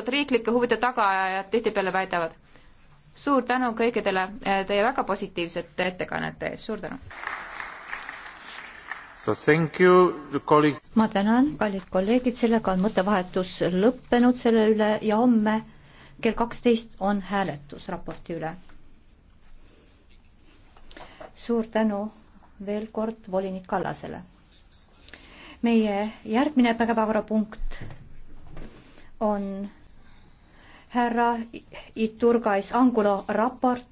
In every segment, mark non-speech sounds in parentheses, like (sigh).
tegelikult riiklike huvide tagaajajad tihtipeale väidavad. suur tänu kõikidele eh, teie väga positiivsete ettekannete eest, suur tänu! ma tänan, kallid kolleegid, sellega on mõttevahetus lõppenud selle üle ja homme kell kaksteist on hääletus raporti üle. suur tänu veel kord volinik Kallasele. meie järgmine päevakorrapunkt on härra Iturgais Angulo raport,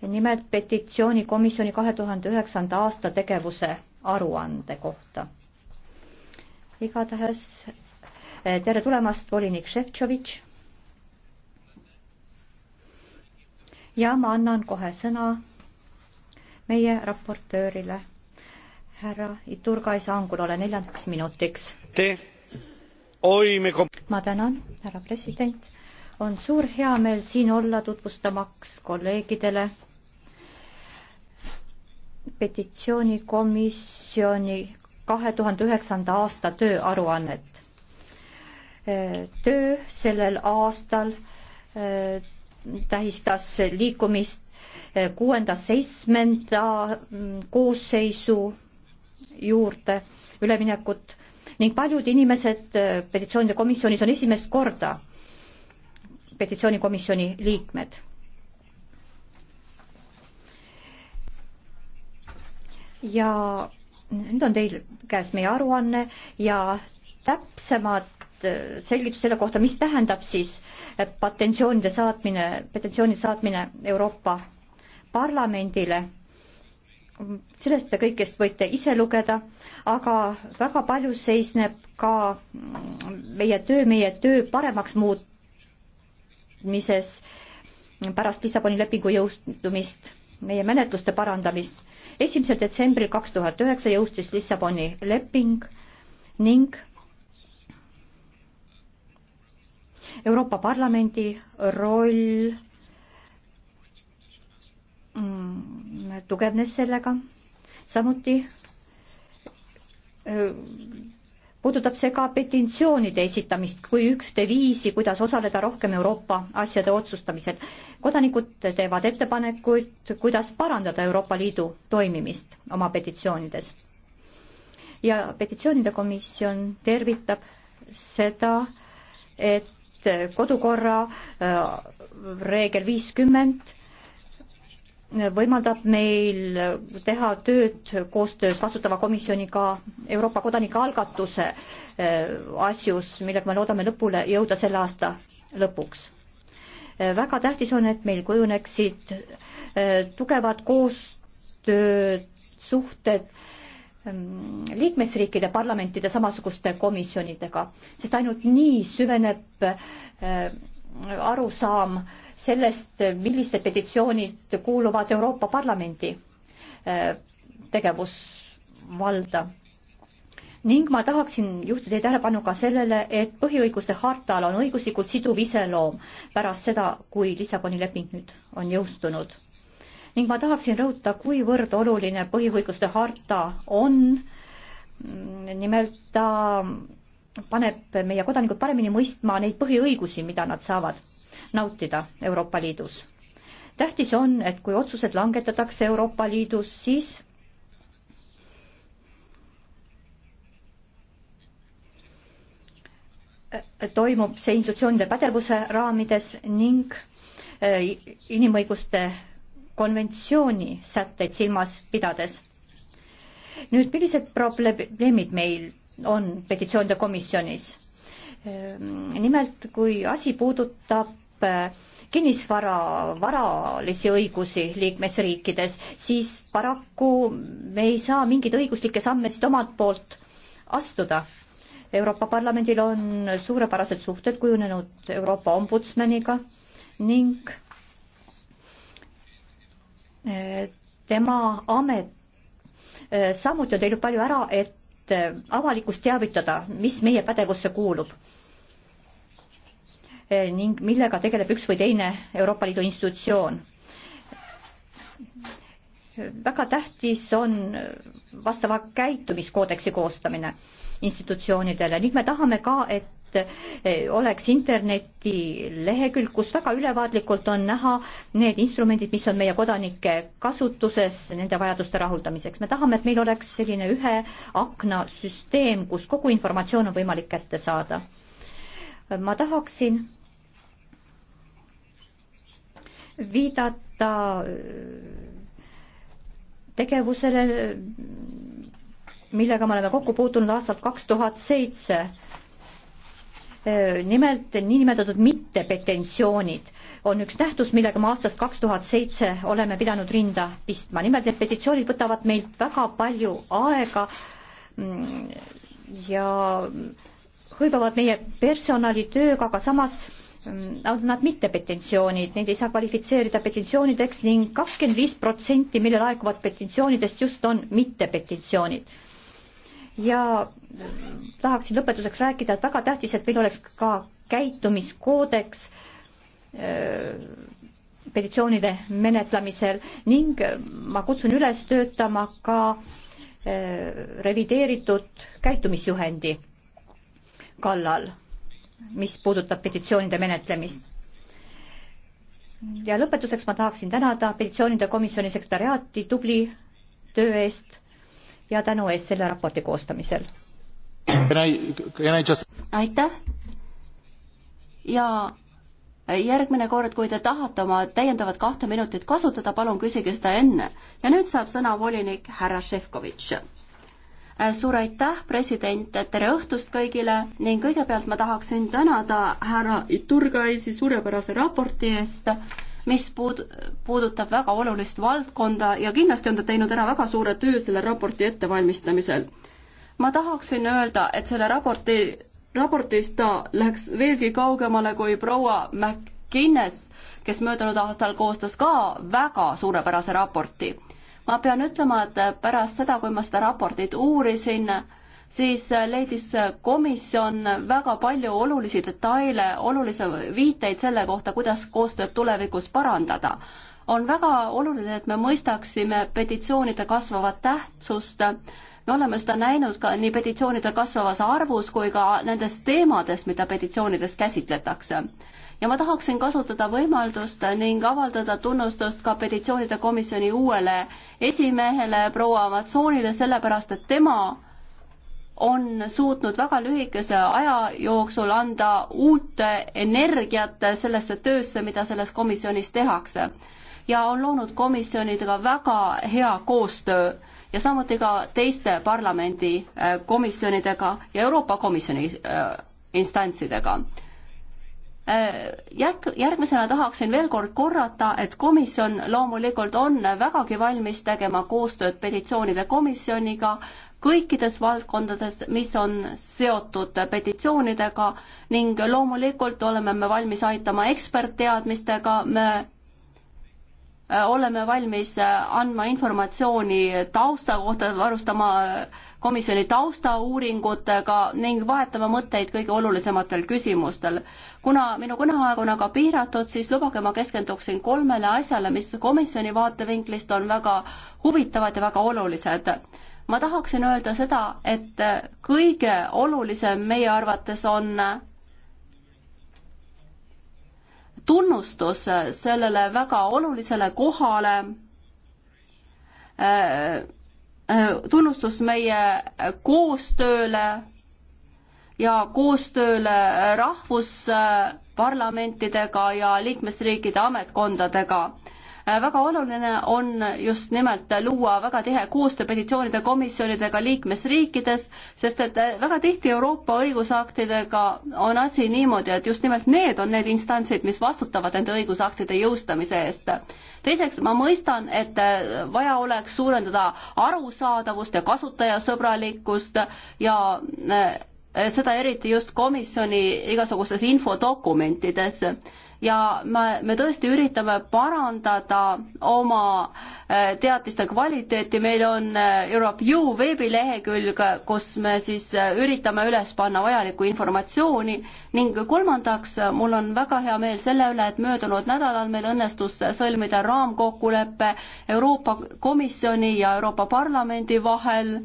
nimelt petitsioonikomisjoni kahe tuhande üheksanda aasta tegevuse aruande kohta. igatahes eh, tere tulemast, volinik Šefčovitš. ja ma annan kohe sõna meie raportöörile, härra Iturgais Angulole neljandaks minutiks. ma tänan, härra president on suur heameel siin olla tutvustamaks kolleegidele petitsioonikomisjoni kahe tuhande üheksanda aasta tööaruannet. töö sellel aastal eh, tähistas liikumist eh, kuuenda seitsmenda mm, koosseisu juurde üleminekut ning paljud inimesed eh, petitsioonide komisjonis on esimest korda petitsioonikomisjoni liikmed. ja nüüd on teil käes meie aruanne ja täpsemad äh, selgitus selle kohta, mis tähendab siis äh, petentsioonide saatmine, petentsiooni saatmine Euroopa Parlamendile. sellest te kõikest võite ise lugeda, aga väga palju seisneb ka mm, meie töö, meie töö paremaks muutmises muutmises pärast Lissaboni lepingu jõustumist, meie menetluste parandamist. esimesel detsembril kaks tuhat üheksa jõustus Lissaboni leping ning Euroopa Parlamendi roll mm, tugevnes sellega, samuti äh, puudutab see ka petitsioonide esitamist kui ühte viisi, kuidas osaleda rohkem Euroopa asjade otsustamisel. kodanikud teevad ettepanekuid, kuidas parandada Euroopa Liidu toimimist oma petitsioonides. ja petitsioonide komisjon tervitab seda, et kodukorra äh, reegel viiskümmend võimaldab meil teha tööd koostöös vastutava komisjoniga Euroopa kodanike algatuse äh, asjus, millega me loodame lõpule jõuda selle aasta lõpuks. Äh, väga tähtis on, et meil kujuneksid äh, tugevad koostööd, suhted Ähm, liikmesriikide parlamentide samasuguste komisjonidega, sest ainult nii süveneb äh, arusaam sellest, millised petitsioonid kuuluvad Euroopa Parlamendi äh, tegevusvalda. ning ma tahaksin juhtida teie tähelepanu ka sellele, et põhiõiguste hartal on õiguslikult siduv iseloom pärast seda, kui Lissaboni leping nüüd on jõustunud ning ma tahaksin rõhuta, kuivõrd oluline põhiõiguste harta on. nimelt ta paneb meie kodanikud paremini mõistma neid põhiõigusi, mida nad saavad nautida Euroopa Liidus. tähtis on, et kui otsused langetatakse Euroopa Liidus, siis toimub see institutsioonide pädevuse raamides ning eh, inimõiguste konventsiooni sätteid silmas pidades. nüüd, millised probleemid meil on petitsioonide komisjonis? Ehm, nimelt, kui asi puudutab eh, kinnisvara, varalisi õigusi liikmesriikides, siis paraku me ei saa mingeid õiguslikke samme siit omalt poolt astuda. Euroopa Parlamendil on suurepärased suhted kujunenud Euroopa ombudsmaniga ning tema amet eh, samuti on teinud palju ära, et eh, avalikkust teavitada, mis meie pädevusse kuulub eh, ning millega tegeleb üks või teine Euroopa Liidu institutsioon. väga tähtis on vastava käitumiskoodeksi koostamine institutsioonidele ning me tahame ka, et Eh, oleks internetilehekülg, kus väga ülevaatlikult on näha need instrumendid, mis on meie kodanike kasutuses nende vajaduste rahuldamiseks. me tahame, et meil oleks selline ühe akna süsteem, kus kogu informatsioon on võimalik kätte saada. ma tahaksin viidata eh, tegevusele, millega me oleme kokku puutunud aastal kaks tuhat seitse nimelt niinimetatud mittepetensioonid on üks nähtus, millega me aastast kaks tuhat seitse oleme pidanud rinda pistma. nimelt need petitsioonid võtavad meilt väga palju aega mm, ja hõivavad meie personalitööga, aga samas mm, on nad mittepetensioonid, neid ei saa kvalifitseerida petitsioonideks ning kakskümmend viis protsenti, millel aeguvad petitsioonidest, just on mittepetensioonid ja tahaksin lõpetuseks rääkida, et väga tähtis, et meil oleks ka käitumiskoodeks äh, petitsioonide menetlemisel ning ma kutsun üles töötama ka äh, revideeritud käitumisjuhendi kallal, mis puudutab petitsioonide menetlemist. ja lõpetuseks ma tahaksin tänada petitsioonide komisjoni sekretariaati tubli töö eest ja tänu eest selle raporti koostamisel. Just... aitäh ja järgmine kord, kui te tahate oma täiendavat kahte minutit kasutada, palun küsige seda enne. ja nüüd saab sõna volinik härra Šefkovitš. suur aitäh, president, tere õhtust kõigile ning kõigepealt ma tahaksin tänada härra Iturgaisi suurepärase raporti eest mis puud-, puudutab väga olulist valdkonda ja kindlasti on ta teinud ära väga suure töö selle raporti ettevalmistamisel. ma tahaksin öelda, et selle raporti, raportis ta läks veelgi kaugemale kui proua McGuinness, kes möödunud aastal koostas ka väga suurepärase raporti. ma pean ütlema, et pärast seda, kui ma seda raportit uurisin, siis äh, leidis äh, komisjon väga palju olulisi detaile, olulisi viiteid selle kohta, kuidas koostööd tulevikus parandada. on väga oluline, et me mõistaksime petitsioonide kasvavat tähtsust. me oleme seda näinud ka nii petitsioonide kasvavas arvus kui ka nendes teemades, mida petitsioonides käsitletakse ja ma tahaksin kasutada võimaldust ning avaldada tunnustust ka petitsioonide komisjoni uuele esimehele proua Amatsoonile, sellepärast et tema on suutnud väga lühikese aja jooksul anda uut energiat sellesse töösse, mida selles komisjonis tehakse. ja on loonud komisjonidega väga hea koostöö ja samuti ka teiste parlamendi äh, komisjonidega ja Euroopa Komisjoni äh, instantsidega Äh, Jäk-, järgmisena tahaksin veel kord korrata, et komisjon loomulikult on vägagi valmis tegema koostööd petitsioonide komisjoniga kõikides valdkondades, mis on seotud petitsioonidega ning loomulikult oleme me valmis aitama ekspertteadmistega, me Äh, oleme valmis äh, andma informatsiooni tausta kohta, varustama komisjoni taustauuringutega ning vahetama mõtteid kõige olulisematel küsimustel. kuna minu kõneaeg on aga piiratud, siis lubage, ma keskenduksin kolmele asjale, mis komisjoni vaatevinklist on väga huvitavad ja väga olulised ma tahaksin öelda seda, et kõige olulisem meie arvates on tunnustus sellele väga olulisele kohale, äh, äh, tunnustus meie koostööle ja koostööle rahvusparlamentidega ja liikmesriikide ametkondadega Äh, väga oluline on just nimelt luua väga tihe koostöö petitsioonide komisjonidega liikmesriikides, sest et äh, väga tihti Euroopa õigusaktidega on asi niimoodi, et just nimelt need on need instantsid, mis vastutavad nende õigusaktide jõustamise eest. teiseks, ma mõistan, et äh, vaja oleks suurendada arusaadavust ja kasutajasõbralikkust ja seda eriti just komisjoni igasugustes infodokumentides ja me, me tõesti üritame parandada oma äh, teatiste kvaliteeti, meil on äh, Europe U veebilehekülg, kus me siis äh, üritame üles panna vajalikku informatsiooni ning kolmandaks, mul on väga hea meel selle üle, et möödunud nädalal meil õnnestus sõlmida raamkokkulepe Euroopa Komisjoni ja Euroopa Parlamendi vahel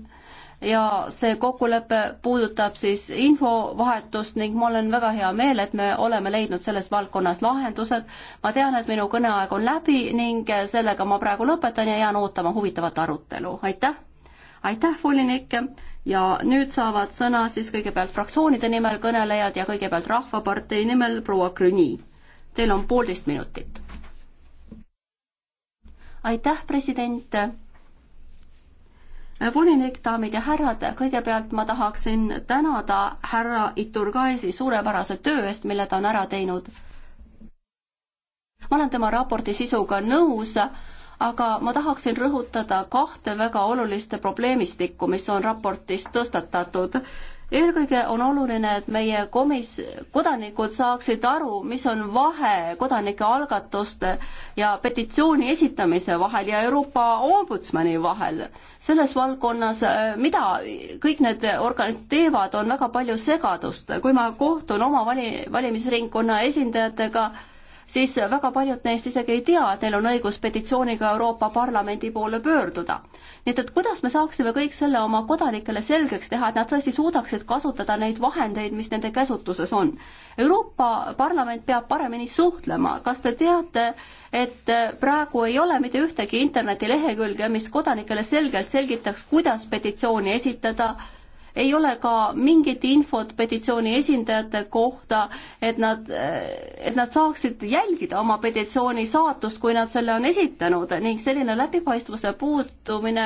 ja see kokkulepe puudutab siis infovahetust ning mul on väga hea meel, et me oleme leidnud selles valdkonnas lahendused. ma tean, et minu kõneaeg on läbi ning sellega ma praegu lõpetan ja jään ootama huvitavat arutelu, aitäh! aitäh, volinik! ja nüüd saavad sõna siis kõigepealt fraktsioonide nimel kõnelejad ja kõigepealt Rahvapartei nimel proua Grüni. Teil on poolteist minutit. aitäh, president volinik, daamid ja härrad, kõigepealt ma tahaksin tänada härra Iturgaisi suurepärase töö eest, mille ta on ära teinud. ma olen tema raporti sisuga nõus, aga ma tahaksin rõhutada kahte väga oluliste probleemistikku, mis on raportis tõstatatud eelkõige on oluline, et meie komis-, kodanikud saaksid aru, mis on vahe kodanike algatuste ja petitsiooni esitamise vahel ja Euroopa ombudsmani vahel. selles valdkonnas, äh, mida kõik need organid teevad, on väga palju segadust. kui ma kohtun oma vali, valimisringkonna esindajatega, siis väga paljud neist isegi ei tea, et neil on õigus petitsiooniga Euroopa Parlamendi poole pöörduda. nii et, et kuidas me saaksime kõik selle oma kodanikele selgeks teha, et nad tõesti suudaksid kasutada neid vahendeid, mis nende käsutuses on. Euroopa Parlament peab paremini suhtlema, kas te teate, et praegu ei ole mitte ühtegi internetilehekülge, mis kodanikele selgelt selgitaks, kuidas petitsiooni esitada, ei ole ka mingit infot petitsiooni esindajate kohta, et nad, et nad saaksid jälgida oma petitsiooni saatust, kui nad selle on esitanud ning selline läbipaistvuse puutumine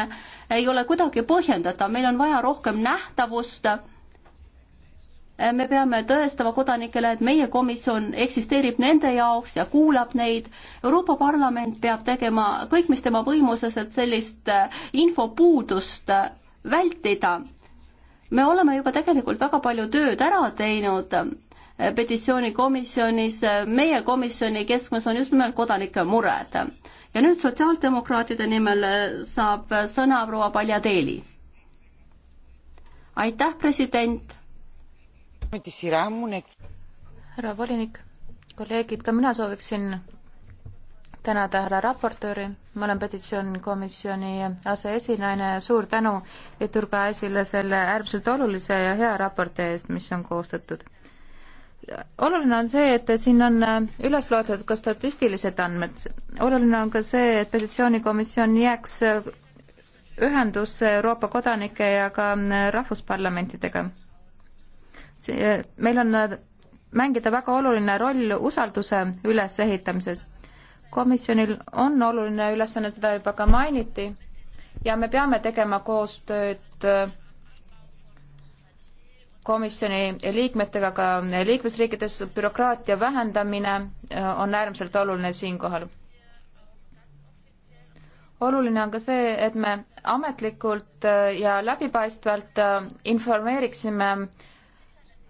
ei ole kuidagi põhjendatav, meil on vaja rohkem nähtavust me peame tõestama kodanikele, et meie komisjon eksisteerib nende jaoks ja kuulab neid. Euroopa Parlament peab tegema kõik, mis tema võimuses, et sellist infopuudust vältida me oleme juba tegelikult väga palju tööd ära teinud äh, petitsioonikomisjonis, meie komisjoni keskmes on just nimelt kodanike mured. ja nüüd sotsiaaldemokraatide nimel äh, saab äh, sõna proua Paljateeli. aitäh, president. härra volinik, kolleegid, ka mina sooviksin tänada härra raportööri, ma olen petitsioonikomisjoni aseesinaine ja suur tänu Turga Äsile selle äärmiselt olulise ja hea raporti eest, mis on koostatud. oluline on see, et siin on üles loetud ka statistilised andmed. oluline on ka see, et petitsioonikomisjon jääks ühendusse Euroopa kodanike ja ka rahvusparlamentidega. meil on mängida väga oluline roll usalduse ülesehitamises komisjonil on oluline ülesanne, seda juba ka mainiti, ja me peame tegema koostööd äh, komisjoni liikmetega ka liikmesriikides, bürokraatia vähendamine äh, on äärmiselt oluline siinkohal. oluline on ka see, et me ametlikult äh, ja läbipaistvalt informeeriksime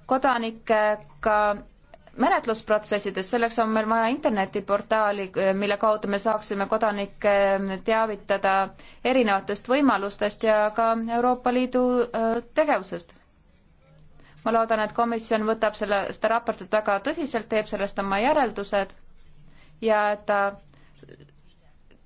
kodanikke ka menetlusprotsessides, selleks on meil vaja internetiportaali, mille kaudu me saaksime kodanikke teavitada erinevatest võimalustest ja ka Euroopa Liidu äh, tegevusest. ma loodan, et komisjon võtab selle, seda raportit väga tõsiselt, teeb sellest oma järeldused ja et ta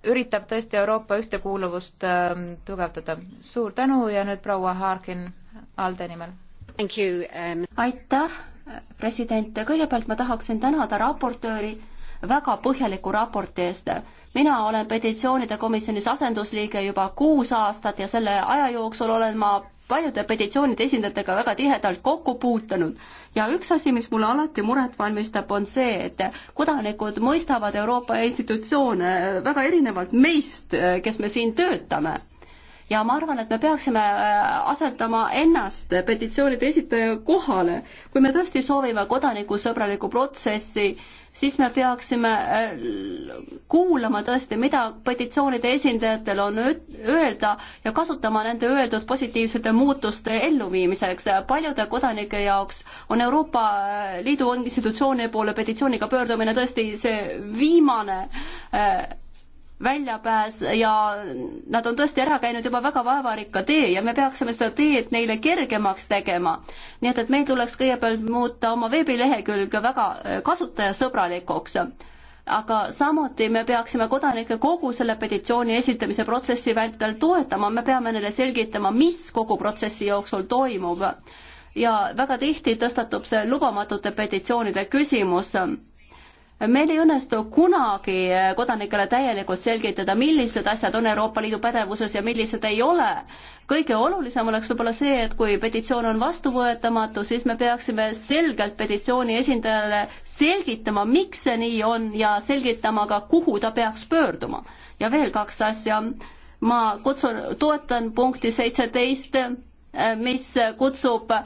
üritab tõesti Euroopa ühtekuuluvust ähm, tugevdada. suur tänu ja nüüd proua Harkin ALDE nimel. Um... aitäh president, kõigepealt ma tahaksin tänada raportööri väga põhjaliku raporti eest. mina olen petitsioonide komisjonis asendusliige juba kuus aastat ja selle aja jooksul olen ma paljude petitsioonide esindajatega väga tihedalt kokku puutunud ja üks asi, mis mulle alati muret valmistab, on see, et kodanikud mõistavad Euroopa institutsioone väga erinevalt meist, kes me siin töötame ja ma arvan, et me peaksime äh, asetama ennast petitsioonide esitaja kohale. kui me tõesti soovime kodanikusõbralikku protsessi, siis me peaksime äh, kuulama tõesti, mida petitsioonide esindajatel on öelda ja kasutama nende öeldud positiivsete muutuste elluviimiseks. paljude kodanike jaoks on Euroopa äh, Liidu institutsiooni poole petitsiooniga pöördumine tõesti see viimane väljapääs ja nad on tõesti ära käinud juba väga vaevarikka tee ja me peaksime seda teed neile kergemaks tegema. nii et, et meil tuleks kõigepealt muuta oma veebilehekülge väga äh, kasutajasõbralikuks. aga samuti me peaksime kodanikke kogu selle petitsiooni esitamise protsessi vältel toetama, me peame neile selgitama, mis kogu protsessi jooksul toimub. ja väga tihti tõstatub see lubamatute petitsioonide küsimus meil ei õnnestu kunagi eh, kodanikele täielikult selgitada, millised asjad on Euroopa Liidu pädevuses ja millised ei ole. kõige olulisem oleks võib-olla see, et kui petitsioon on vastuvõetamatu, siis me peaksime selgelt petitsiooni esindajale selgitama, miks see nii on ja selgitama ka, kuhu ta peaks pöörduma. ja veel kaks asja, ma kutsun, toetan punkti seitseteist 17 mis kutsub äh,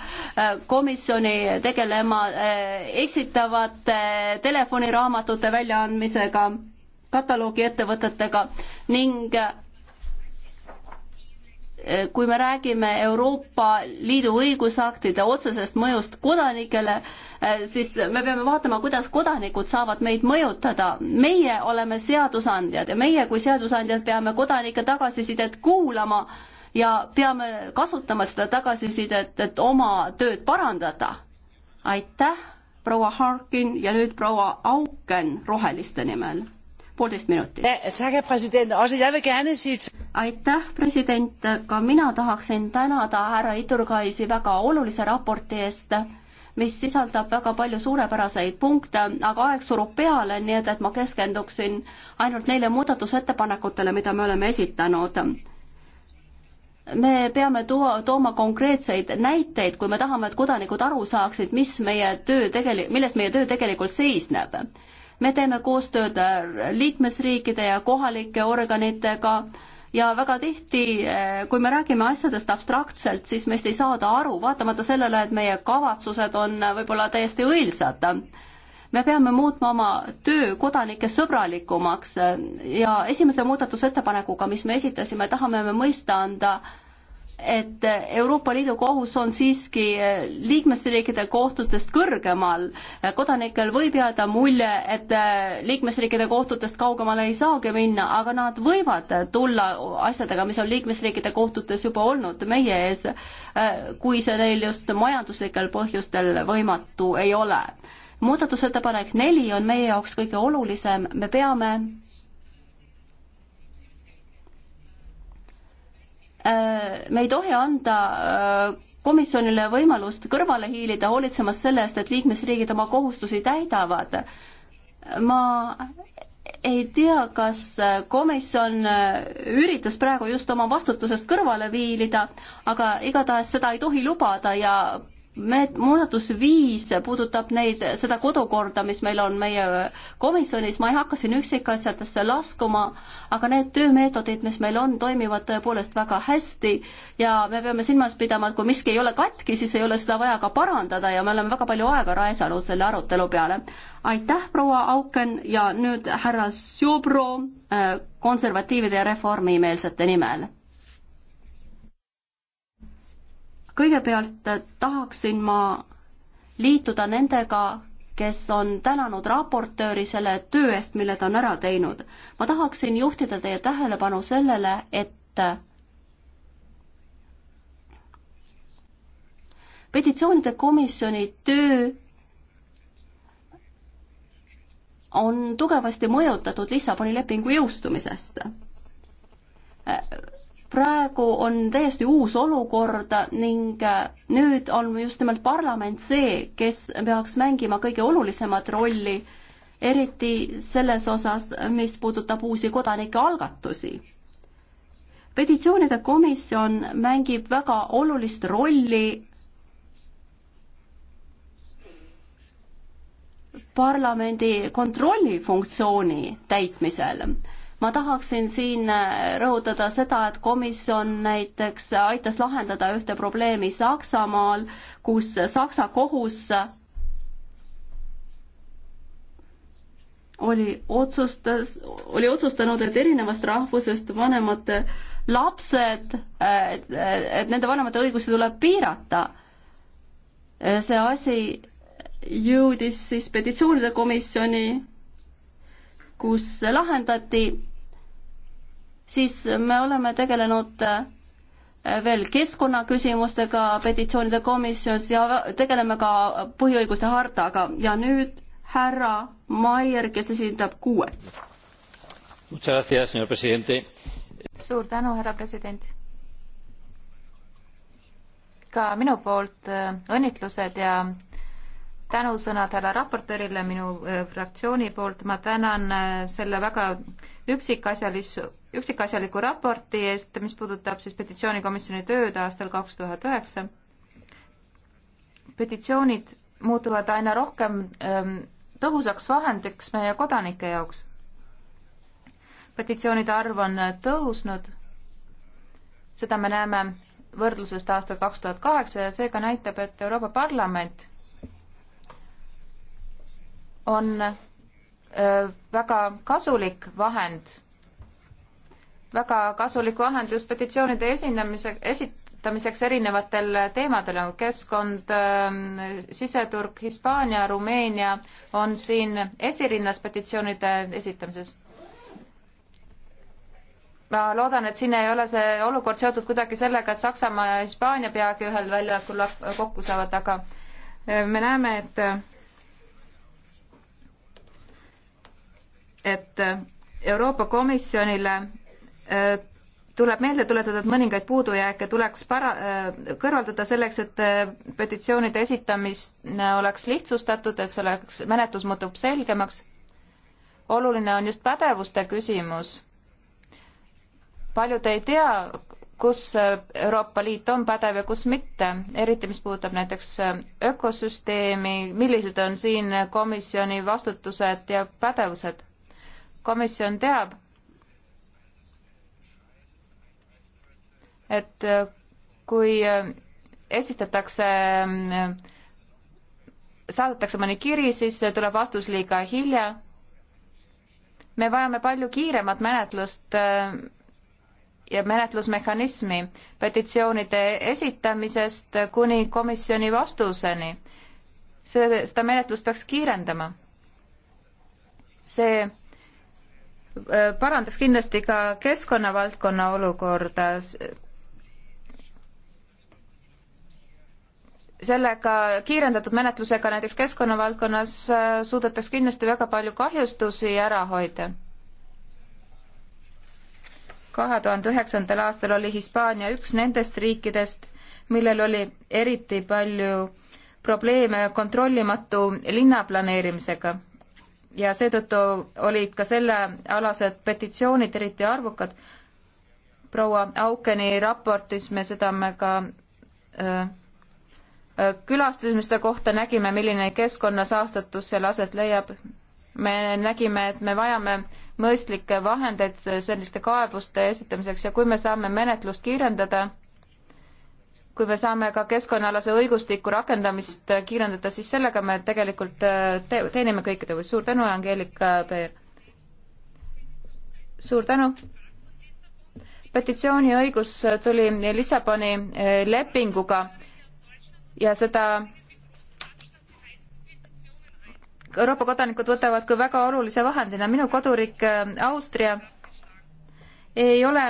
komisjoni tegelema äh, eksitavate telefoniraamatute väljaandmisega, kataloogiettevõtetega ning äh, kui me räägime Euroopa Liidu õigusaktide otsesest mõjust kodanikele, siis me peame vaatama, kuidas kodanikud saavad meid mõjutada. meie oleme seadusandjad ja meie kui seadusandjad peame kodanike tagasisidet kuulama ja peame kasutama seda tagasisidet, et oma tööd parandada. aitäh, proua Harkin ja nüüd proua Auken Roheliste nimel. poolteist minutit. aitäh, president, ka mina tahaksin tänada härra Iturgaisi väga olulise raporti eest mis sisaldab väga palju suurepäraseid punkte, aga aeg surub peale, nii et, et ma keskenduksin ainult neile muudatusettepanekutele, mida me oleme esitanud me peame tuua, tooma konkreetseid näiteid, kui me tahame, et kodanikud aru saaksid, mis meie töö tegeli-, milles meie töö tegelikult seisneb. me teeme koostööd liikmesriikide ja kohalike organitega ja väga tihti, kui me räägime asjadest abstraktselt, siis meist ei saada aru, vaatamata sellele, et meie kavatsused on võib-olla täiesti õilsad me peame muutma oma töö kodanike sõbralikumaks ja esimese muudatusettepanekuga, mis me esitasime, tahame me mõista anda, et Euroopa Liidu kohus on siiski liikmesriikide kohtutest kõrgemal. kodanikel võib jääda mulje, et liikmesriikide kohtutest kaugemale ei saagi minna, aga nad võivad tulla asjadega, mis on liikmesriikide kohtutes juba olnud meie ees, kui see neil just majanduslikel põhjustel võimatu ei ole muudatusettepanek neli on meie jaoks kõige olulisem, me peame äh, me ei tohi anda äh, komisjonile võimalust kõrvale hiilida, hoolitsemas selle eest, et liikmesriigid oma kohustusi täidavad. ma ei tea, kas komisjon äh, üritas praegu just oma vastutusest kõrvale viilida, aga igatahes seda ei tohi lubada ja meet-, muudatus viis puudutab neid, seda kodukorda, mis meil on meie komisjonis, ma ei hakka siin üksikasjadesse laskuma, aga need töömeetodid, mis meil on, toimivad tõepoolest väga hästi ja me peame silmas pidama, et kui miski ei ole katki, siis ei ole seda vaja ka parandada ja me oleme väga palju aega raisanud selle arutelu peale. aitäh, proua Auken ja nüüd härra Sjobro äh, konservatiivide ja reformimeelsete nimel kõigepealt äh, tahaksin ma liituda nendega, kes on tänanud raportööri selle töö eest, mille ta on ära teinud. ma tahaksin juhtida teie tähelepanu sellele, et äh, petitsioonide komisjoni töö on tugevasti mõjutatud Lissaboni lepingu jõustumisest äh, praegu on täiesti uus olukord ning äh, nüüd on just nimelt parlament see, kes peaks mängima kõige olulisemat rolli, eriti selles osas, mis puudutab uusi kodanike algatusi. petitsioonide komisjon mängib väga olulist rolli parlamendi kontrollifunktsiooni täitmisel ma tahaksin siin äh, rõhutada seda, et komisjon näiteks aitas lahendada ühte probleemi Saksamaal, kus Saksa kohus oli otsustas, oli otsustanud, et erinevast rahvusest vanemate lapsed, et nende vanemate õigusi tuleb piirata. see asi jõudis siis petitsioonide komisjoni kus lahendati, siis me oleme tegelenud äh, veel keskkonnaküsimustega petitsioonide komisjonis ja tegeleme ka põhiõiguste hartaga ja nüüd härra Maier, kes esindab kuue. suur tänu, härra president. ka minu poolt äh, õnnitlused ja tänusõnad härra raportöörile minu äh, fraktsiooni poolt, ma tänan äh, selle väga üksikasjalis-, üksikasjaliku raporti eest, mis puudutab siis petitsioonikomisjoni tööd aastal kaks tuhat üheksa. petitsioonid muutuvad aina rohkem ähm, tõhusaks vahendiks meie kodanike jaoks. petitsioonide arv on äh, tõusnud, seda me näeme võrdlusest aastal kaks tuhat kaheksa ja seega näitab, et Euroopa Parlament on väga kasulik vahend, väga kasulik vahend just petitsioonide esinemise, esitamiseks erinevatel teemadel, nagu keskkond, siseturg, Hispaania, Rumeenia on siin esirinnas petitsioonide esitamises ma loodan, et siin ei ole see olukord seotud kuidagi sellega, et Saksamaa ja Hispaania peagi ühel väljakul kokku saavad, aga me näeme, et et äh, Euroopa Komisjonile äh, tuleb meelde tuletada, et mõningaid puudujääke tuleks para-, äh, kõrvaldada selleks, et petitsioonide esitamine oleks lihtsustatud, et see oleks, menetlus muutub selgemaks. oluline on just pädevuste küsimus. paljud ei tea, kus Euroopa Liit on pädev ja kus mitte, eriti mis puudutab näiteks ökosüsteemi, millised on siin komisjoni vastutused ja pädevused komisjon teab, et äh, kui äh, esitatakse, äh, saadetakse mõni kiri, siis tuleb vastus liiga hilja. me vajame palju kiiremat menetlust ja menetlusmehhanismi petitsioonide esitamisest kuni komisjoni vastuseni. see, seda menetlust peaks kiirendama. see Äh, parandaks kindlasti ka keskkonnavaldkonna olukorda. sellega kiirendatud menetlusega näiteks keskkonnavaldkonnas äh, suudetaks kindlasti väga palju kahjustusi ära hoida. kahe tuhande üheksandal aastal oli Hispaania üks nendest riikidest, millel oli eriti palju probleeme kontrollimatu linnaplaneerimisega ja seetõttu olid ka sellealased petitsioonid eriti arvukad. proua Aukeni raportis me seda me ka öö, äh, äh, külastasime seda kohta, nägime, milline keskkonnasaastatus seal aset leiab. me nägime, et me vajame mõistlikke vahendeid selliste kaebuste esitamiseks ja kui me saame menetlust kiirendada, kui me saame ka keskkonnaalase õigustiku rakendamist kiirendada, siis sellega me tegelikult äh, te teenime kõikide või suur tänu, Angeelika Peer. suur tänu. petitsiooniõigus tuli Lissaboni äh, lepinguga ja seda Euroopa kodanikud võtavad kui väga olulise vahendina. minu koduriik äh, Austria ei ole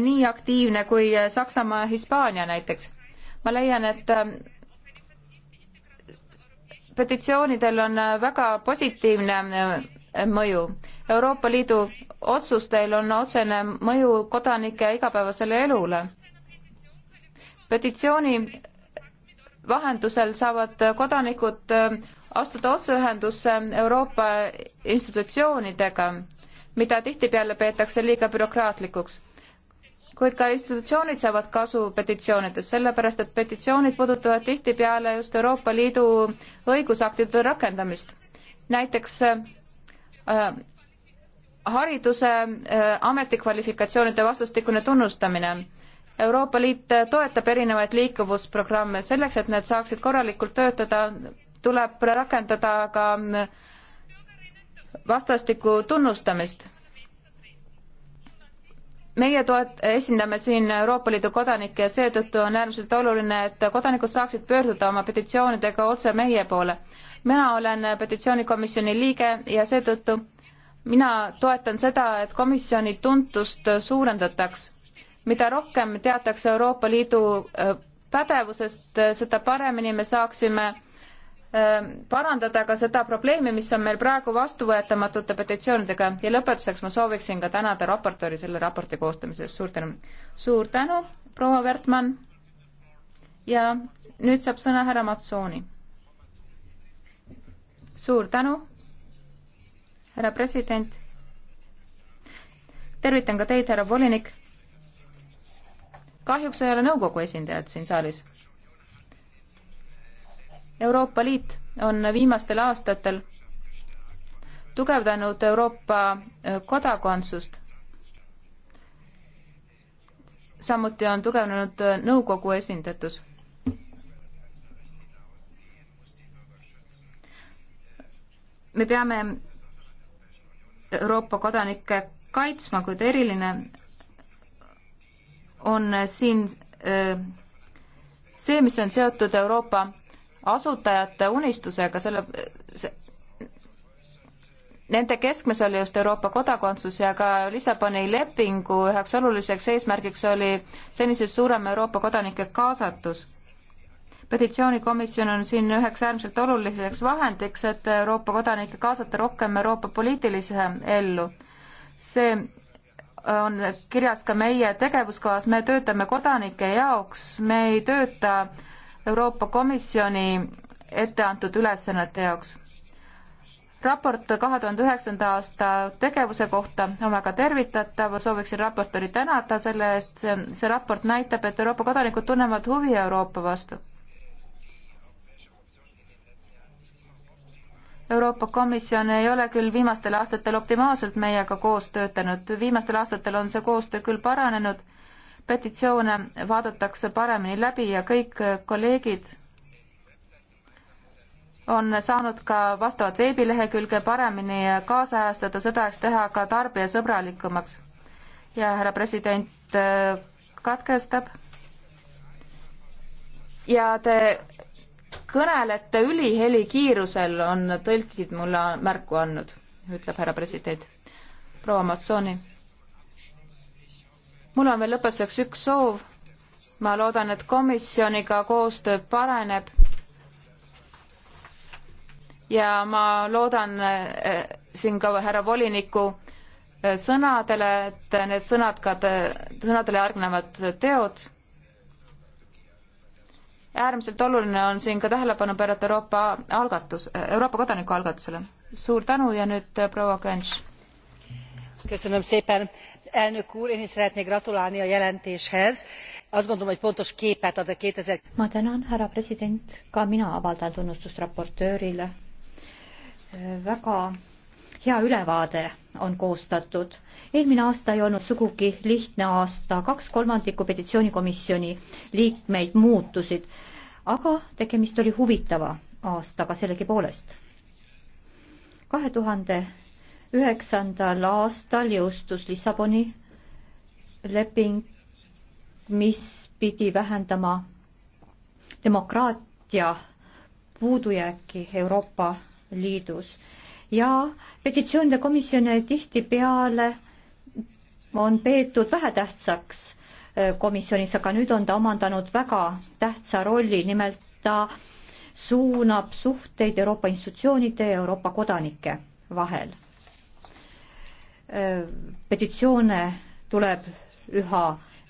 nii aktiivne kui Saksamaa ja Hispaania näiteks ma leian, et ähm, petitsioonidel on äh, väga positiivne äh, mõju. Euroopa Liidu otsustel on otsene mõju kodanike igapäevasele elule. petitsiooni vahendusel saavad kodanikud äh, astuda otseühendusse Euroopa institutsioonidega, mida tihtipeale peetakse liiga bürokraatlikuks kuid ka institutsioonid saavad kasu petitsioonidest, sellepärast et petitsioonid puudutavad tihtipeale just Euroopa Liidu õigusaktide rakendamist. näiteks äh, hariduse äh, ametikvalifikatsioonide vastastikune tunnustamine. Euroopa Liit toetab erinevaid liikuvusprogramme, selleks et need saaksid korralikult töötada, tuleb rakendada ka äh, vastastikku tunnustamist meie toet-, esindame siin Euroopa Liidu kodanikke ja seetõttu on äärmiselt oluline, et kodanikud saaksid pöörduda oma petitsioonidega otse meie poole. mina olen petitsioonikomisjoni liige ja seetõttu mina toetan seda, et komisjoni tuntust suurendataks. mida rohkem teatakse Euroopa Liidu äh, pädevusest, äh, seda paremini me saaksime Ähm, parandada ka seda probleemi, mis on meil praegu vastuvõetamatute petitsioonidega ja lõpetuseks ma sooviksin ka tänada raportööri selle raporti koostamise eest, suur tänu. suur tänu, proua Wertmann. ja nüüd saab sõna härra Matsooni. suur tänu, härra president. tervitan ka teid, härra volinik. kahjuks ei ole nõukogu esindajat siin saalis Euroopa Liit on viimastel aastatel tugevdanud Euroopa äh, kodakondsust. samuti on tugevnenud äh, nõukogu esindatus. me peame Euroopa kodanikke kaitsma, kuid eriline on siin äh, see, mis on seotud Euroopa asutajate unistusega, selle, nende keskmes oli just Euroopa kodakondsus ja ka Lissaboni lepingu üheks oluliseks eesmärgiks oli senisest suurem Euroopa kodanike kaasatus. petitsioonikomisjon on siin üheks äärmiselt oluliseks vahendiks, et Euroopa kodanikke kaasata rohkem Euroopa poliitilise ellu. see on kirjas ka meie tegevuskohas, me töötame kodanike jaoks, me ei tööta äh, Euroopa Komisjoni ette antud ülesannete jaoks. raport kahe tuhande üheksanda aasta tegevuse kohta on väga tervitatav, sooviksin raportööri tänada selle eest, see raport näitab, et Euroopa kodanikud tunnevad huvi Euroopa vastu. Euroopa Komisjon ei ole küll viimastel aastatel optimaalselt meiega koos töötanud, viimastel aastatel on see koostöö küll paranenud petitsioone vaadatakse paremini läbi ja kõik kolleegid on saanud ka vastavat veebilehekülge paremini kaasajastada, seda eks teha ka tarbijasõbralikumaks. ja härra president äh, katkestab. ja te kõnelete üliheli kiirusel, on tõlgid mulle märku andnud, ütleb härra president. proua Matsooni mul on veel lõpetuseks üks soov. ma loodan, et komisjoniga koostöö paraneb. ja ma loodan e, siin ka härra voliniku e, sõnadele, et need sõnad ka, sõnadele järgnevad teod. äärmiselt oluline on siin ka tähelepanu pöörata Euroopa algatus, Euroopa kodanikualgatusele. suur tänu ja nüüd e, proua Könš elnök úr én is szeretnék gratulálni a jelentéshez azt gondolom hogy pontos képet ad a. two thousand ma tänan härra president ka mina avaldan tunnustust raportöörile väga hea ülevaade on koostatud eelmine aasta ei olnud sugugi lihtne aasta kaks kolmandikku petitsioonikomisjoni liikmeid muutusid aga tegemist oli huvitava aastaga sellegipoolest kahe tuhande üheksandal aastal jõustus Lissaboni leping, mis pidi vähendama demokraatia puudujääki Euroopa Liidus ja petitsioonide komisjone tihtipeale on peetud vähetähtsaks äh, komisjonis, aga nüüd on ta omandanud väga tähtsa rolli, nimelt ta suunab suhteid Euroopa institutsioonide ja Euroopa kodanike vahel Äh, petitsioone tuleb üha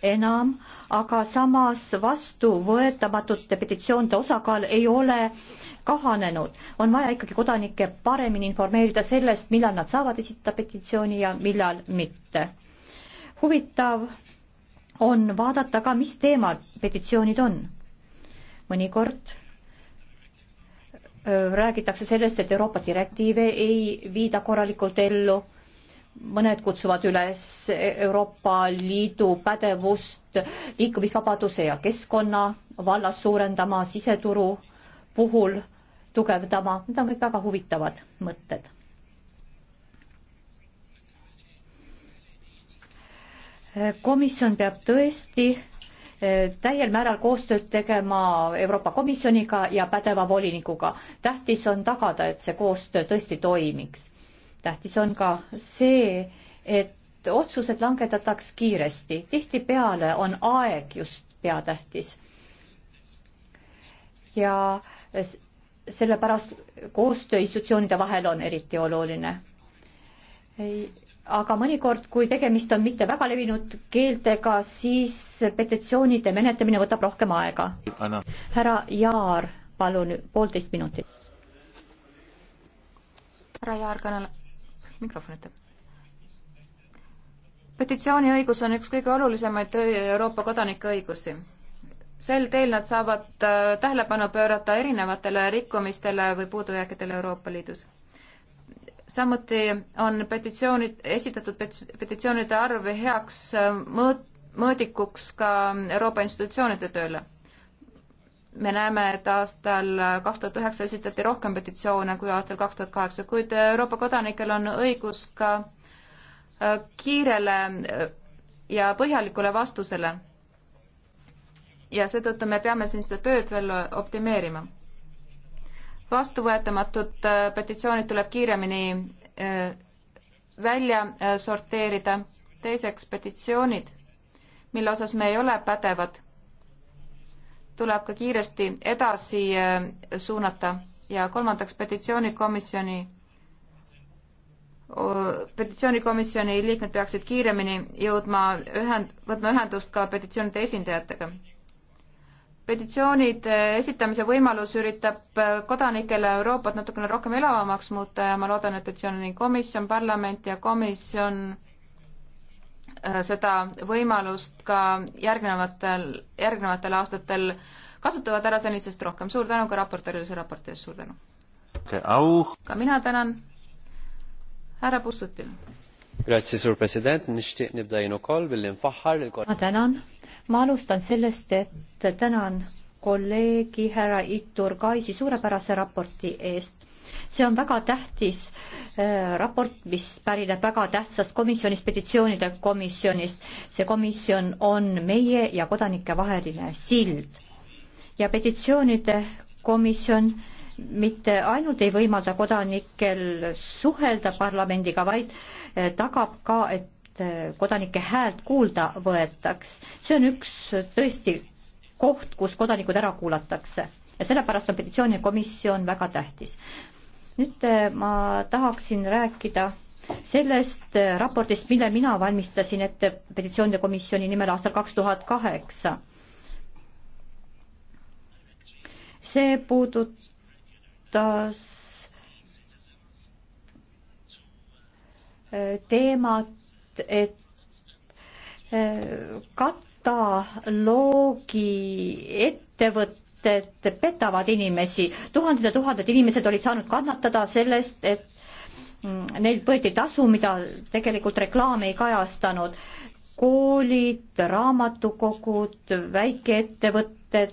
enam, aga samas vastuvõetamatute petitsioonide osakaal ei ole kahanenud. on vaja ikkagi kodanikke paremini informeerida sellest, millal nad saavad esitada petitsiooni ja millal mitte. huvitav on vaadata ka, mis teemal petitsioonid on. mõnikord äh, räägitakse sellest, et Euroopa direktiive ei viida korralikult ellu mõned kutsuvad üles Euroopa Liidu pädevust liikumisvabaduse ja keskkonna vallas suurendama, siseturu puhul tugevdama, need on kõik väga huvitavad mõtted. komisjon peab tõesti eh, täiel määral koostööd tegema Euroopa Komisjoniga ja pädeva volinikuga. tähtis on tagada, et see koostöö tõesti toimiks tähtis on ka see, et otsused langetataks kiiresti, tihtipeale on aeg just peatähtis. ja sellepärast koostöö institutsioonide vahel on eriti oluline. aga mõnikord, kui tegemist on mitte väga levinud keeltega, siis petitsioonide menetlemine võtab rohkem aega. härra Jaar, palun poolteist minutit. härra Jaar, kõnele mikrofonita. petitsiooniõigus on üks kõige olulisemaid Euroopa kodanike õigusi. sel teel nad saavad äh, tähelepanu pöörata erinevatele rikkumistele või puudujääkidele Euroopa Liidus samuti on petitsioonid, esitatud petitsioonide arv heaks äh, mõõt-, mõõdikuks ka Euroopa institutsioonide tööle me näeme, et aastal kaks tuhat üheksa esitati rohkem petitsioone kui aastal kaks tuhat kaheksa, kuid Euroopa kodanikel on õigus ka äh, kiirele äh, ja põhjalikule vastusele. ja seetõttu me peame siin seda tööd veel optimeerima. vastuvõetamatud äh, petitsioonid tuleb kiiremini välja sorteerida, teiseks petitsioonid, mille osas me ei ole pädevad tuleb ka kiiresti edasi äh, suunata ja kolmandaks petitsioonikomisjoni petitsioonikomisjoni liikmed peaksid kiiremini jõudma ühend, võtma ühendust ka petitsioonide esindajatega. petitsioonide esitamise võimalus üritab äh, kodanikele Euroopat natukene rohkem elavamaks muuta ja ma loodan, et petitsioonikomisjon, parlament ja komisjon Äh, seda võimalust ka järgnevatel, järgnevatel aastatel kasutavad ära senisest rohkem. suur tänu ka raportöörile selle raporti eest, suur tänu okay,! ka mina tänan härra Pussutil! ma tänan, ma alustan sellest, et tänan kolleegi härra Itur Kaisi suurepärase raporti eest see on väga tähtis äh, raport, mis pärineb väga tähtsast komisjonist, petitsioonide komisjonist. see komisjon on meie ja kodanike vaheline sild ja petitsioonide komisjon mitte ainult ei võimalda kodanikel suhelda parlamendiga, vaid äh, tagab ka, et äh, kodanike häält kuulda võetaks. see on üks tõesti koht, kus kodanikud ära kuulatakse ja sellepärast on petitsioonikomisjon väga tähtis nüüd äh, ma tahaksin rääkida sellest äh, raportist, mille mina valmistasin ette petitsioonide komisjoni nimel aastal kaks tuhat kaheksa. see puudutas äh, teemat, et kataloogi ettevõtte ettevõtted petavad inimesi, tuhanded ja tuhanded inimesed olid saanud kannatada sellest, et mm, neilt võeti tasu, mida tegelikult reklaam ei kajastanud. koolid, raamatukogud, väikeettevõtted,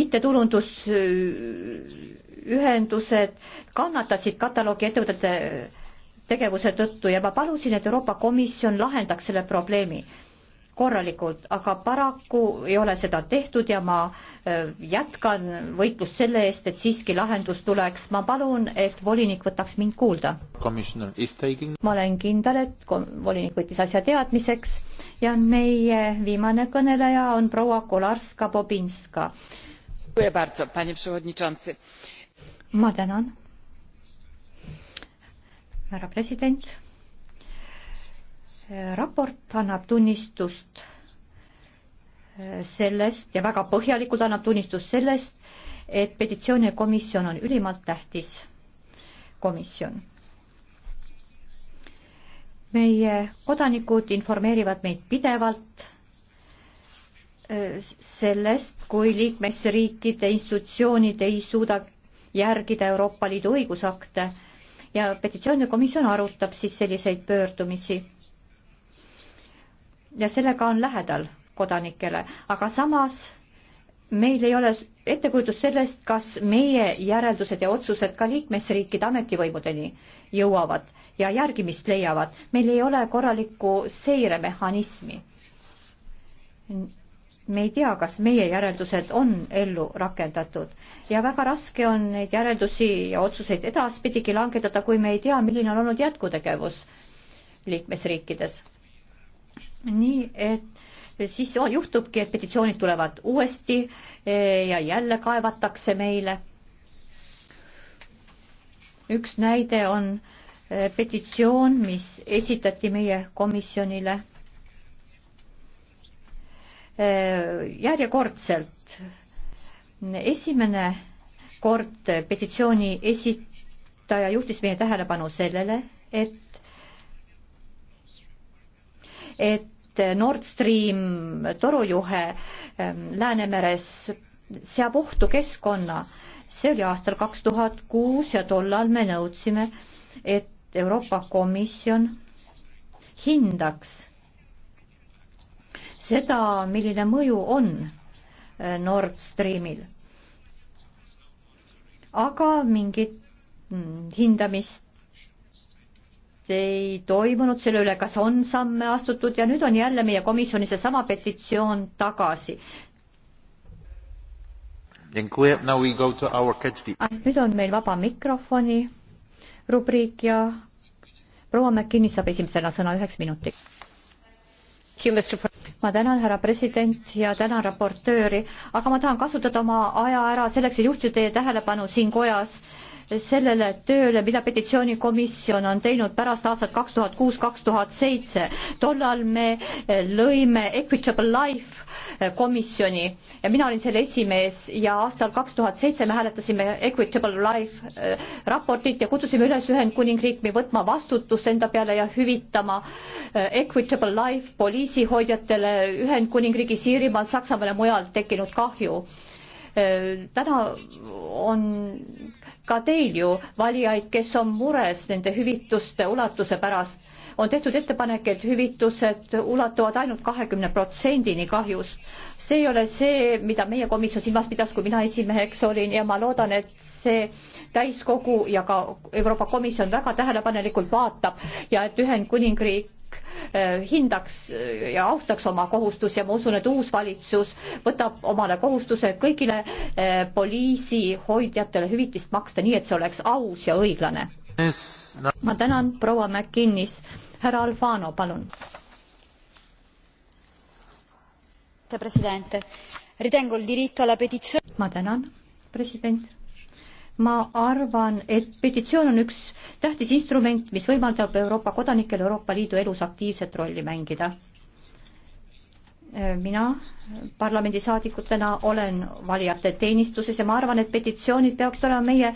mittetulundusühendused kannatasid kataloogi ettevõtete tegevuse tõttu ja ma palusin, et Euroopa Komisjon lahendaks selle probleemi korralikult, aga paraku ei ole seda tehtud ja ma äh, jätkan võitlust selle eest, et siiski lahendus tuleks. ma palun, et volinik võtaks mind kuulda. Taking... ma olen kindel, et volinik võttis asja teadmiseks ja meie viimane kõneleja on proua Kolarska-Bobinska. ma tänan. härra president raport annab tunnistust äh, sellest ja väga põhjalikult annab tunnistust sellest, et petitsioonide komisjon on ülimalt tähtis komisjon. meie kodanikud informeerivad meid pidevalt äh, sellest, kui liikmesriikide institutsioonid ei suuda järgida Euroopa Liidu õigusakte ja petitsioonide komisjon arutab siis selliseid pöördumisi ja sellega on lähedal kodanikele, aga samas meil ei ole ettekujutust sellest, kas meie järeldused ja otsused ka liikmesriikide ametivõimudeni jõuavad ja järgimist leiavad. meil ei ole korralikku seiremehhanismi. me ei tea, kas meie järeldused on ellu rakendatud ja väga raske on neid järeldusi ja otsuseid edaspidigi langetada, kui me ei tea, milline on olnud jätkutegevus liikmesriikides nii et siis juhtubki, et petitsioonid tulevad uuesti eh, ja jälle kaevatakse meile. üks näide on eh, petitsioon, mis esitati meie komisjonile eh, järjekordselt. esimene kord petitsiooni esitaja juhtis meie tähelepanu sellele, et et Nord Stream torujuhe ähm, Läänemeres seab ohtu keskkonna. see oli aastal kaks tuhat kuus ja tollal me nõudsime, et Euroopa Komisjon hindaks seda, milline mõju on äh, Nord Streamil. aga mingit mm, hindamist ei toimunud selle üle, kas on samme astutud ja nüüd on jälle meie komisjoni seesama petitsioon tagasi. Ah, nüüd on meil vaba mikrofoni rubriik ja proua McKinney saab esimesena sõna üheks minutiks. ma tänan, härra president ja tänan raportööri, aga ma tahan kasutada oma aja ära selleks, et juhtida teie tähelepanu siin kojas äh, sellele tööle, mida petitsioonikomisjon on teinud pärast aastat kaks tuhat kuus, kaks tuhat seitse. tollal me eh, lõime Equitable Life eh, komisjoni ja mina olin selle esimees ja aastal kaks tuhat seitse me hääletasime Equitable Life eh, raportit ja kutsusime üles Ühendkuningriiki võtma vastutust enda peale ja hüvitama Equitable Life poliisihoidjatele Ühendkuningriigis, Iirimaal, Saksamaal ja mujal tekkinud kahju täna on ka teil ju valijaid, kes on mures nende hüvituste ulatuse pärast. on tehtud ettepanek, et hüvitused ulatuvad ainult kahekümne protsendini kahjust. see ei ole see, mida meie komisjon silmas pidas, kui mina esimeheks olin ja ma loodan, et see täiskogu ja ka Euroopa Komisjon väga tähelepanelikult vaatab ja et Ühendkuningriik kõik eh, hindaks eh, ja austaks oma kohustusi ja ma usun, et uus valitsus võtab omale kohustuse kõigile eh, poliisihoidjatele hüvitist maksta, nii et see oleks aus ja õiglane. ma tänan, proua McKinnis. härra Alfano, palun. ma tänan, president ma arvan, et petitsioon on üks tähtis instrument, mis võimaldab Euroopa kodanikel Euroopa Liidu elus aktiivset rolli mängida. mina parlamendisaadikutena olen valijate teenistuses ja ma arvan, et petitsioonid peaksid olema meie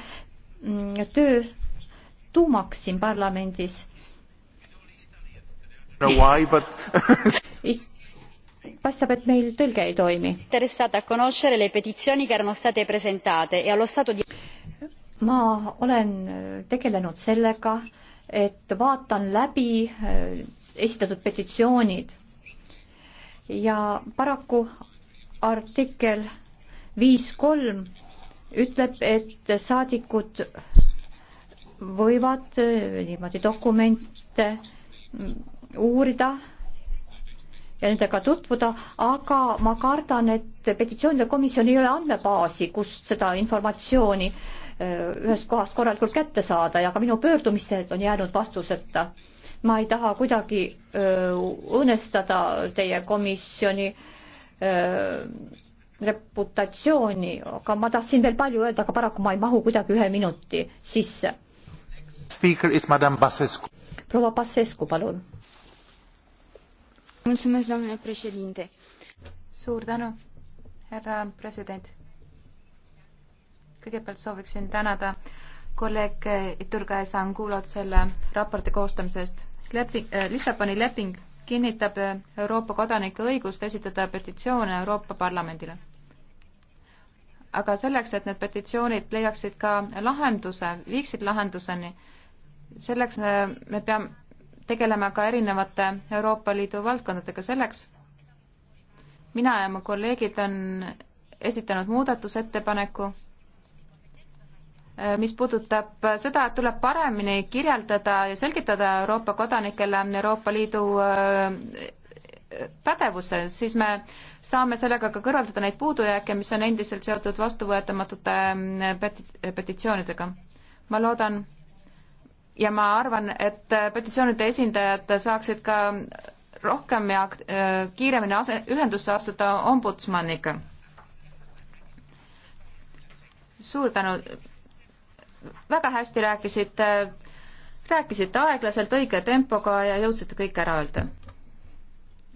mm, töö tuumaks siin parlamendis no why, but... (laughs) paistab, et meil tõlge ei toimi ma olen äh, tegelenud sellega, et vaatan läbi äh, esitatud petitsioonid ja paraku artikkel viis kolm ütleb, et saadikud võivad äh, niimoodi dokumente mm, uurida ja nendega tutvuda, aga ma kardan, et petitsioonide komisjon ei ole andmebaasi, kust seda informatsiooni äh, Äh, ühest kohast korralikult kätte saada ja ka minu pöördumised on jäänud vastuseta. ma ei taha kuidagi äh, õõnestada teie komisjoni äh, reputatsiooni, aga ma tahtsin veel palju öelda, aga paraku ma ei mahu kuidagi ühe minuti sisse. proua Basescu, palun. suur tänu, härra president kõigepealt sooviksin tänada kolleeg Iturgaes Angulot selle raporti koostamise eest. leping äh,, Lissaboni leping kinnitab Euroopa kodanike õigust esitada petitsioone Euroopa Parlamendile. aga selleks, et need petitsioonid leiaksid ka lahenduse, viiksid lahenduseni, selleks äh, me, me peame, tegeleme ka erinevate Euroopa Liidu valdkondadega, selleks mina ja mu kolleegid on esitanud muudatusettepaneku Äh, mis puudutab äh, seda, et tuleb paremini kirjeldada ja selgitada Euroopa kodanikele Euroopa Liidu äh, pädevuse, siis me saame sellega ka kõrvaldada neid puudujääke, mis on endiselt seotud vastuvõetamatute peti-, petitsioonidega. ma loodan ja ma arvan, et petitsioonide esindajad saaksid ka rohkem ja kiiremini ase-, ühendusse astuda ombudsmaniga. suur tänu väga hästi rääkisite, rääkisite aeglaselt, õige tempoga ja jõudsite kõik ära öelda.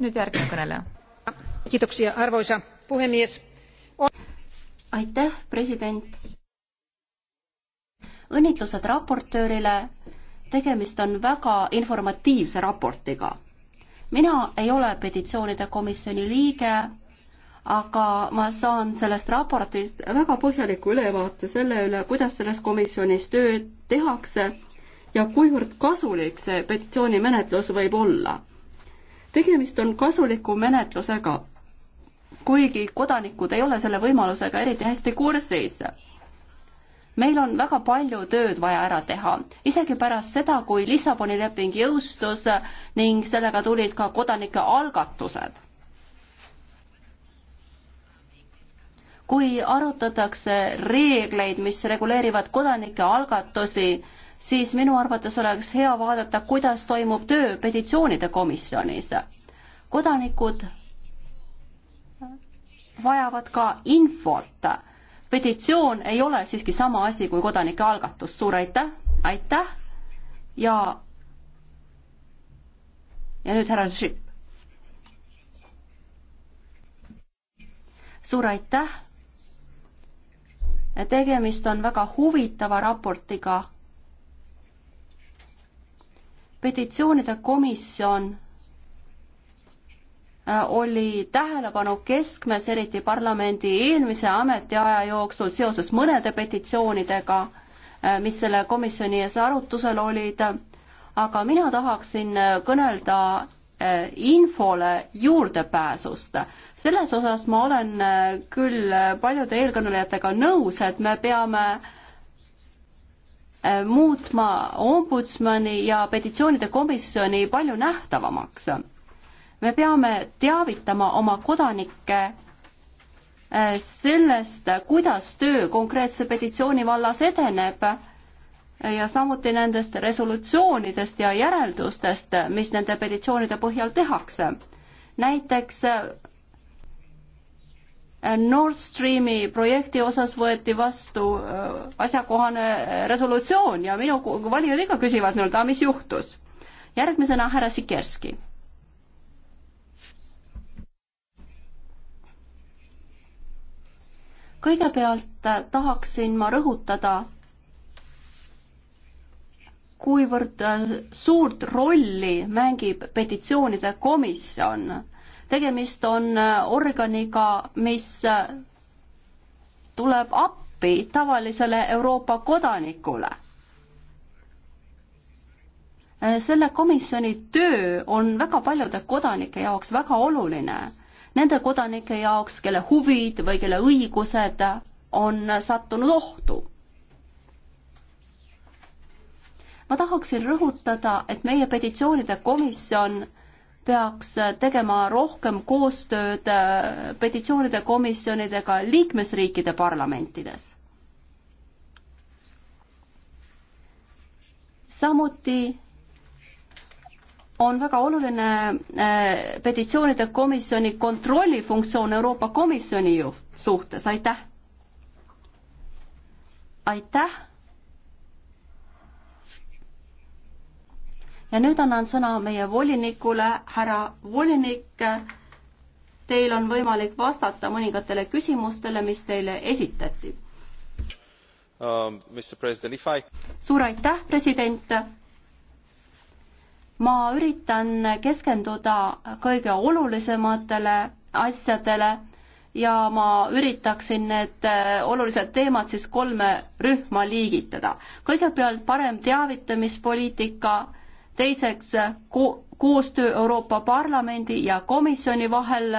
nüüd järgmine kõneleja. kiitoksia, arvoisa puhemees On.... aitäh, president. õnnitlused raportöörile. tegemist on väga informatiivse raportiga. mina ei ole petitsioonide komisjoni liige aga ma saan sellest raportist väga põhjaliku ülevaate selle üle, kuidas selles komisjonis tööd tehakse ja kuivõrd kasulik see petitsioonimenetlus võib olla. tegemist on kasuliku menetlusega, kuigi kodanikud ei ole selle võimalusega eriti hästi kursis. meil on väga palju tööd vaja ära teha, isegi pärast seda, kui Lissaboni leping jõustus ning sellega tulid ka kodanike algatused kui arutatakse reegleid, mis reguleerivad kodanike algatusi, siis minu arvates oleks hea vaadata, kuidas toimub töö petitsioonide komisjonis. kodanikud vajavad ka infot. petitsioon ei ole siiski sama asi kui kodanike algatus. suur aitäh, aitäh ja ja nüüd härra Žipp. suur aitäh tegemist on väga huvitava raportiga. petitsioonide komisjon äh, oli tähelepanu keskmes, eriti parlamendi eelmise ametiaja jooksul seoses mõnede petitsioonidega, äh, mis selle komisjoni ees arutusel olid, aga mina tahaksin äh, kõnelda Äh, infole juurdepääsust. selles osas ma olen äh, küll paljude eelkõnelejatega nõus, et me peame äh, muutma ombudsmani ja petitsioonide komisjoni palju nähtavamaks. me peame teavitama oma kodanikke sellest, kuidas töö konkreetse petitsiooni vallas edeneb ja samuti nendest resolutsioonidest ja järeldustest, mis nende petitsioonide põhjal tehakse. näiteks äh, Nord Streami projekti osas võeti vastu äh, asjakohane äh, resolutsioon ja minu valijad ikka küsivad minult, aga mis juhtus? järgmisena härra Sikerski. kõigepealt tahaksin ma rõhutada kuivõrd äh, suurt rolli mängib petitsioonide komisjon. tegemist on äh, organiga, mis äh, tuleb appi tavalisele Euroopa kodanikule. selle komisjoni töö on väga paljude kodanike jaoks väga oluline. Nende kodanike jaoks, kelle huvid või kelle õigused on sattunud ohtu ma tahaksin rõhutada, et meie petitsioonide komisjon peaks tegema rohkem koostööd äh, petitsioonide komisjonidega liikmesriikide parlamentides. samuti on väga oluline äh, petitsioonide komisjoni kontrollifunktsioon Euroopa Komisjoni suhtes, aitäh! aitäh! ja nüüd annan sõna meie volinikule, härra volinik, teil on võimalik vastata mõningatele küsimustele, mis teile esitati um,. I... suur aitäh, president! ma üritan keskenduda kõige olulisematele asjadele ja ma üritaksin need äh, olulised teemad siis kolme rühma liigitada. kõigepealt parem teavitamispoliitika teiseks ko koostöö Euroopa Parlamendi ja komisjoni vahel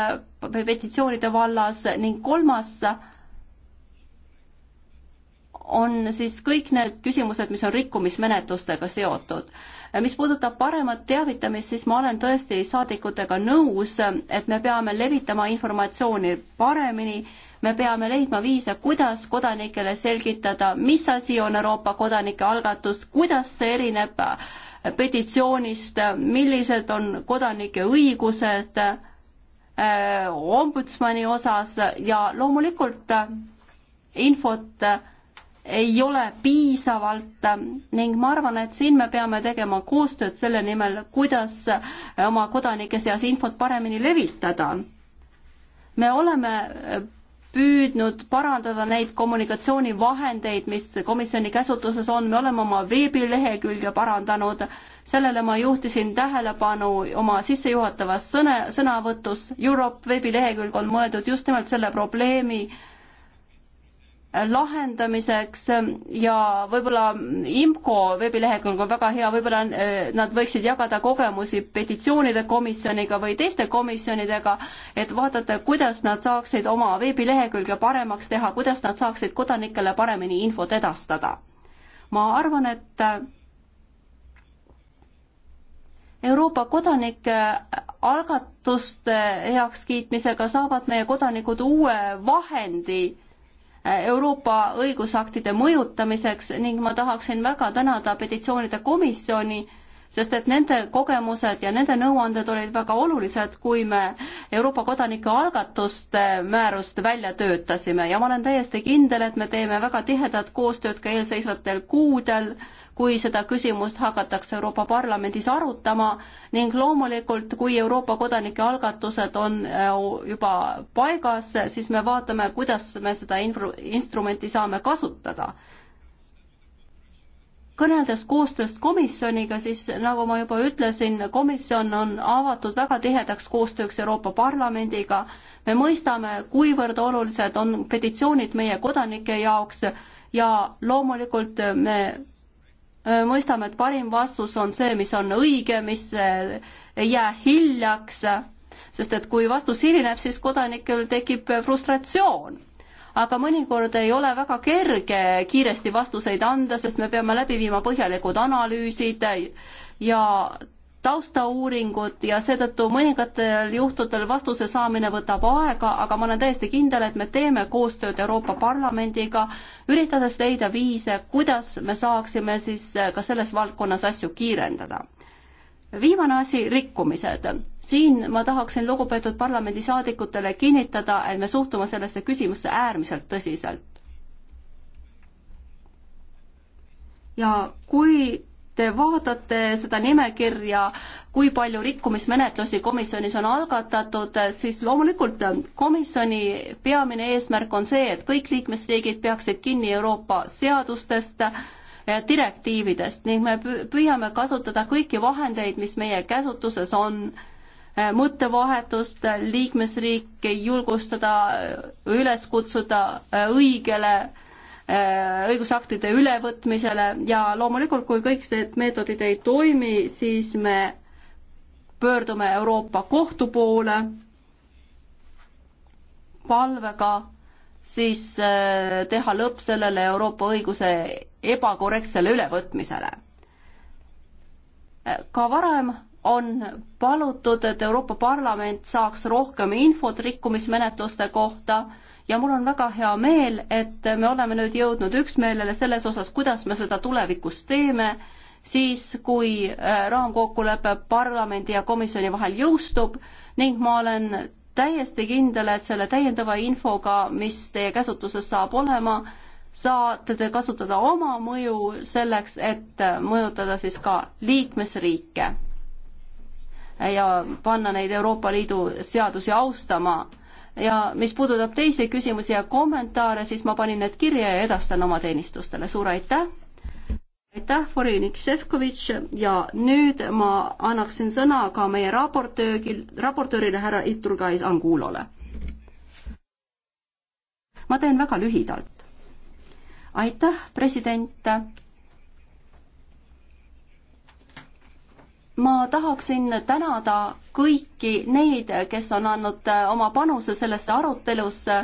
petitsioonide vallas ning kolmas on siis kõik need küsimused, mis on rikkumismenetlustega seotud. mis puudutab paremat teavitamist, siis ma olen tõesti saadikutega nõus, et me peame levitama informatsiooni paremini, me peame leidma viise, kuidas kodanikele selgitada, mis asi on Euroopa kodanike algatus, kuidas see erineb äh, petitsioonist, millised on kodanike õigused äh, ombudsmani osas ja loomulikult äh, infot äh, ei ole piisavalt ning ma arvan, et siin me peame tegema koostööd selle nimel, kuidas oma kodanike seas infot paremini levitada. me oleme püüdnud parandada neid kommunikatsioonivahendeid, mis komisjoni käsutuses on, me oleme oma veebilehekülge parandanud, sellele ma juhtisin tähelepanu oma sissejuhatavas sõne, sõnavõtus, Europe veebilehekülg on mõeldud just nimelt selle probleemi äh, lahendamiseks ja võib-olla IMCO veebilehekülg on väga hea, võib-olla eh, nad võiksid jagada kogemusi petitsioonide komisjoniga või teiste komisjonidega, et vaadata, kuidas nad saaksid oma veebilehekülge paremaks teha, kuidas nad saaksid kodanikele paremini infot edastada. ma arvan, et eh, Euroopa kodanike algatuste heakskiitmisega saavad meie kodanikud uue vahendi Euroopa õigusaktide mõjutamiseks ning ma tahaksin väga tänada petitsioonide komisjoni, sest et nende kogemused ja nende nõuanded olid väga olulised, kui me Euroopa kodanike algatuste määrust välja töötasime ja ma olen täiesti kindel, et me teeme väga tihedat koostööd ka eelseisvatel kuudel äh, kui seda küsimust hakatakse Euroopa Parlamendis arutama ning loomulikult, kui Euroopa kodanike algatused on äh, juba paigas, siis me vaatame, kuidas me seda infru-, instrumenti saame kasutada. kõneldes koostööst komisjoniga, siis nagu ma juba ütlesin, komisjon on avatud väga tihedaks koostööks Euroopa Parlamendiga, me mõistame, kuivõrd olulised on petitsioonid meie kodanike jaoks ja loomulikult me Äh, mõistame, et parim vastus on see, mis on õige, mis äh, ei jää hiljaks, sest et kui vastus hilineb, siis kodanikel tekib äh, frustratsioon. aga mõnikord ei ole väga kerge kiiresti vastuseid anda, sest me peame läbi viima põhjalikud analüüsid ja taustauuringud ja seetõttu mõningatel juhtudel vastuse saamine võtab aega, aga ma olen täiesti kindel, et me teeme koostööd Euroopa Parlamendiga, üritades leida viise, kuidas me saaksime siis ka selles valdkonnas asju kiirendada. viimane asi, rikkumised. siin ma tahaksin lugupeetud parlamendisaadikutele kinnitada, et me suhtume sellesse küsimusse äärmiselt tõsiselt. ja kui te vaatate seda nimekirja, kui palju rikkumismenetlusi komisjonis on algatatud, siis loomulikult komisjoni peamine eesmärk on see, et kõik liikmesriigid peaksid kinni Euroopa seadustest, eh, direktiividest ning me püüame kasutada kõiki vahendeid, mis meie käsutuses on eh, mõttevahetust, liikmesriike julgustada, eh, üles kutsuda õigele Äh, õigusaktide ülevõtmisele ja loomulikult, kui kõik need meetodid ei toimi, siis me pöördume Euroopa Kohtu poole palvega siis äh, teha lõpp sellele Euroopa õiguse ebakorrektsele ülevõtmisele. Äh, ka varem on palutud, et Euroopa Parlament saaks rohkem infot rikkumismenetluste kohta ja mul on väga hea meel, et me oleme nüüd jõudnud üksmeelele selles osas, kuidas me seda tulevikus teeme, siis kui äh, raamkokkulepe parlamendi ja komisjoni vahel jõustub ning ma olen täiesti kindel, et selle täiendava infoga, mis teie käsutuses saab olema, saate te kasutada oma mõju selleks, et äh, mõjutada siis ka liikmesriike ja panna neid Euroopa Liidu seadusi austama ja mis puudutab teisi küsimusi ja kommentaare, siis ma panin need kirja ja edastan oma teenistustele, suur aitäh! aitäh, volinik Šefkovitš ja nüüd ma annaksin sõna ka meie raportöögil, raportöörile härra Iturgais Angulole. ma teen väga lühidalt. aitäh, president ma tahaksin tänada kõiki neid, kes on andnud äh, oma panuse sellesse arutelusse.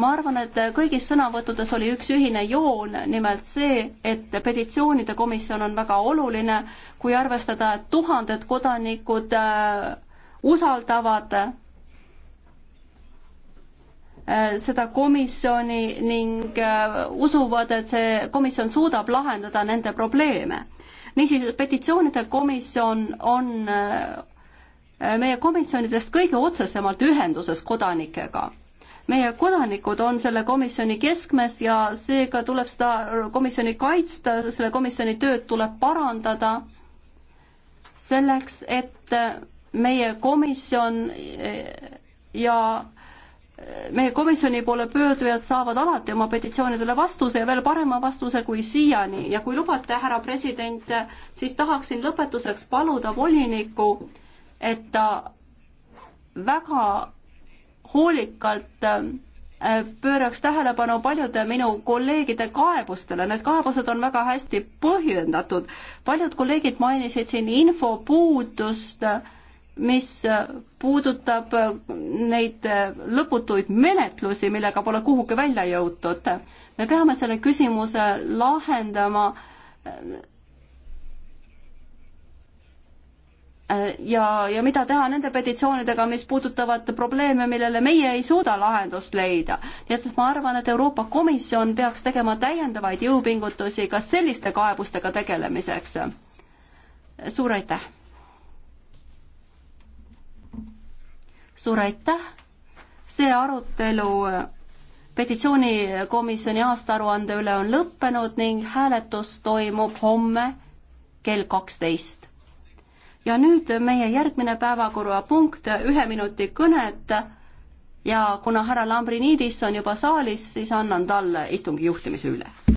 ma arvan, et kõigis sõnavõttudes oli üks ühine joon, nimelt see, et petitsioonide komisjon on väga oluline, kui arvestada, et tuhanded kodanikud äh, usaldavad äh, seda komisjoni ning usuvad, et see komisjon suudab lahendada nende probleeme niisiis, petitsioonide komisjon on äh, meie komisjonidest kõige otsesemalt ühenduses kodanikega. meie kodanikud on selle komisjoni keskmes ja seega tuleb seda komisjoni kaitsta, selle komisjoni tööd tuleb parandada selleks, et meie komisjon äh, ja meie komisjoni poole pöördujad saavad alati oma petitsioonidele vastuse ja veel parema vastuse kui siiani ja kui lubate, härra president, siis tahaksin lõpetuseks paluda volinikku, et ta väga hoolikalt äh, pööraks tähelepanu paljude minu kolleegide kaebustele, need kaebused on väga hästi põhjendatud. paljud kolleegid mainisid siin info puudust äh, mis puudutab neid lõputuid menetlusi, millega pole kuhugi välja jõutud. me peame selle küsimuse lahendama ja, ja mida teha nende petitsioonidega, mis puudutavad probleeme, millele meie ei suuda lahendust leida. nii et ma arvan, et Euroopa Komisjon peaks tegema täiendavaid jõupingutusi ka selliste kaebustega tegelemiseks. suur aitäh! suur aitäh, see arutelu äh, petitsioonikomisjoni aastaaruande üle on lõppenud ning hääletus toimub homme kell kaksteist. ja nüüd meie järgmine päevakorrapunkt, ühe minuti kõned ja kuna härra Lambriniidis on juba saalis, siis annan talle istungi juhtimise üle